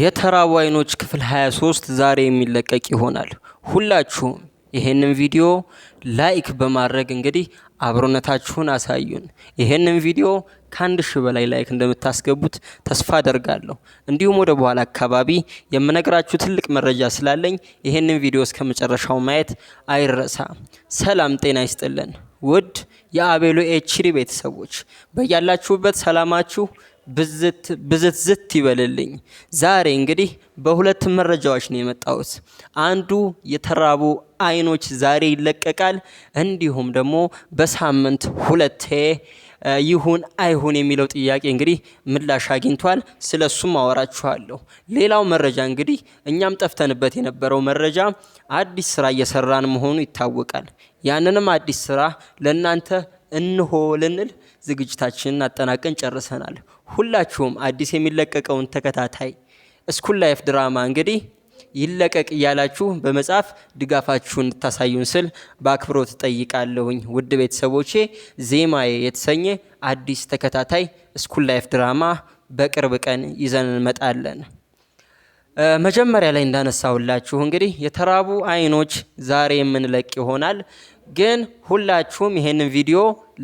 የተራቡ አይኖች ክፍል 23 ዛሬ የሚለቀቅ ይሆናል። ሁላችሁም ይሄንን ቪዲዮ ላይክ በማድረግ እንግዲህ አብሮነታችሁን አሳዩን። ይሄንን ቪዲዮ ከአንድ ሺህ በላይ ላይክ እንደምታስገቡት ተስፋ አደርጋለሁ። እንዲሁም ወደ በኋላ አካባቢ የምነግራችሁ ትልቅ መረጃ ስላለኝ ይሄንን ቪዲዮ እስከ መጨረሻው ማየት አይረሳ። ሰላም ጤና ይስጥልን ውድ የአቤሎ ኤችዲ ቤተሰቦች በያላችሁበት ሰላማችሁ ብዝት ዝት ይበልልኝ። ዛሬ እንግዲህ በሁለት መረጃዎች ነው የመጣሁት። አንዱ የተራቡ አይኖች ዛሬ ይለቀቃል። እንዲሁም ደግሞ በሳምንት ሁለቴ ይሁን አይሁን የሚለው ጥያቄ እንግዲህ ምላሽ አግኝቷል። ስለ እሱም አወራችኋለሁ። ሌላው መረጃ እንግዲህ እኛም ጠፍተንበት የነበረው መረጃ አዲስ ስራ እየሰራን መሆኑ ይታወቃል። ያንንም አዲስ ስራ ለእናንተ እንሆ ልንል ዝግጅታችንን አጠናቀን ጨርሰናል። ሁላችሁም አዲስ የሚለቀቀውን ተከታታይ እስኩል ላይፍ ድራማ እንግዲህ ይለቀቅ እያላችሁ በመጻፍ ድጋፋችሁን እንድታሳዩን ስል በአክብሮት ጠይቃለሁኝ። ውድ ቤተሰቦቼ ዜማዬ የተሰኘ አዲስ ተከታታይ እስኩል ላይፍ ድራማ በቅርብ ቀን ይዘን እንመጣለን። መጀመሪያ ላይ እንዳነሳሁላችሁ እንግዲህ የተራቡ አይኖች ዛሬ የምንለቅ ይሆናል። ግን ሁላችሁም ይሄንን ቪዲዮ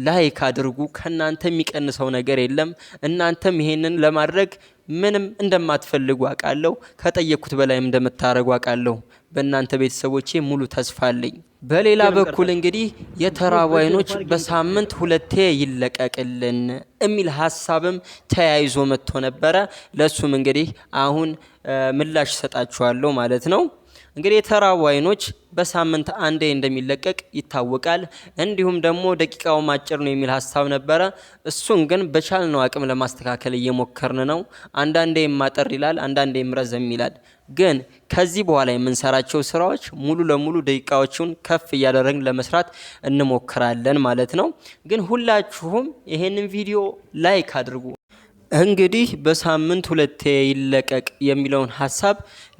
ላይክ አድርጉ። ከእናንተ የሚቀንሰው ነገር የለም። እናንተም ይሄንን ለማድረግ ምንም እንደማትፈልጉ አውቃለሁ። ከጠየቅኩት በላይም እንደምታደርጉ አውቃለሁ። በእናንተ ቤተሰቦቼ ሙሉ ተስፋ አለኝ። በሌላ በኩል እንግዲህ የተራቡ አይኖች በሳምንት ሁለቴ ይለቀቅልን የሚል ሀሳብም ተያይዞ መጥቶ ነበረ። ለእሱም እንግዲህ አሁን ምላሽ እሰጣችኋለሁ ማለት ነው። እንግዲህ የተራቡ አይኖች በሳምንት አንዴ እንደሚለቀቅ ይታወቃል። እንዲሁም ደግሞ ደቂቃውም አጭር ነው የሚል ሀሳብ ነበረ። እሱን ግን በቻልነው አቅም ለማስተካከል እየሞከርን ነው። አንዳንዴም ማጠር ይላል፣ አንዳንዴም ረዘም ይላል። ግን ከዚህ በኋላ የምንሰራቸው ስራዎች ሙሉ ለሙሉ ደቂቃዎቹን ከፍ እያደረግን ለመስራት እንሞክራለን ማለት ነው። ግን ሁላችሁም ይሄንን ቪዲዮ ላይክ አድርጉ። እንግዲህ በሳምንት ሁለቴ ይለቀቅ የሚለውን ሀሳብ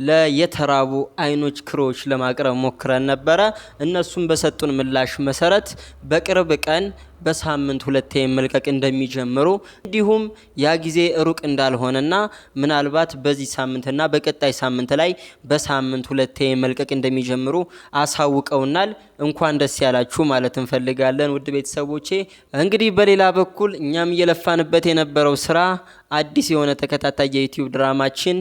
ለየተራቡ አይኖች ክሮች ለማቅረብ ሞክረን ነበረ። እነሱም በሰጡን ምላሽ መሰረት በቅርብ ቀን በሳምንት ሁለቴ መልቀቅ እንደሚጀምሩ እንዲሁም ያ ጊዜ ሩቅ እንዳልሆነና ምናልባት በዚህ ሳምንትና በቀጣይ ሳምንት ላይ በሳምንት ሁለቴ መልቀቅ እንደሚጀምሩ አሳውቀውናል። እንኳን ደስ ያላችሁ ማለት እንፈልጋለን ውድ ቤተሰቦቼ። እንግዲህ በሌላ በኩል እኛም እየለፋንበት የነበረው ስራ አዲስ የሆነ ተከታታይ የዩቲዩብ ድራማችን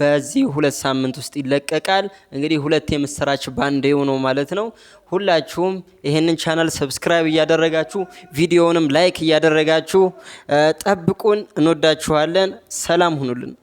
በዚህ ሁለት ሳምንት ውስጥ ይለቀቃል። እንግዲህ ሁለት የምስራች ባንድ ነው ማለት ነው። ሁላችሁም ይህንን ቻናል ሰብስክራይብ እያደረጋችሁ ቪዲዮውንም ላይክ እያደረጋችሁ ጠብቁን። እንወዳችኋለን። ሰላም ሁኑልን።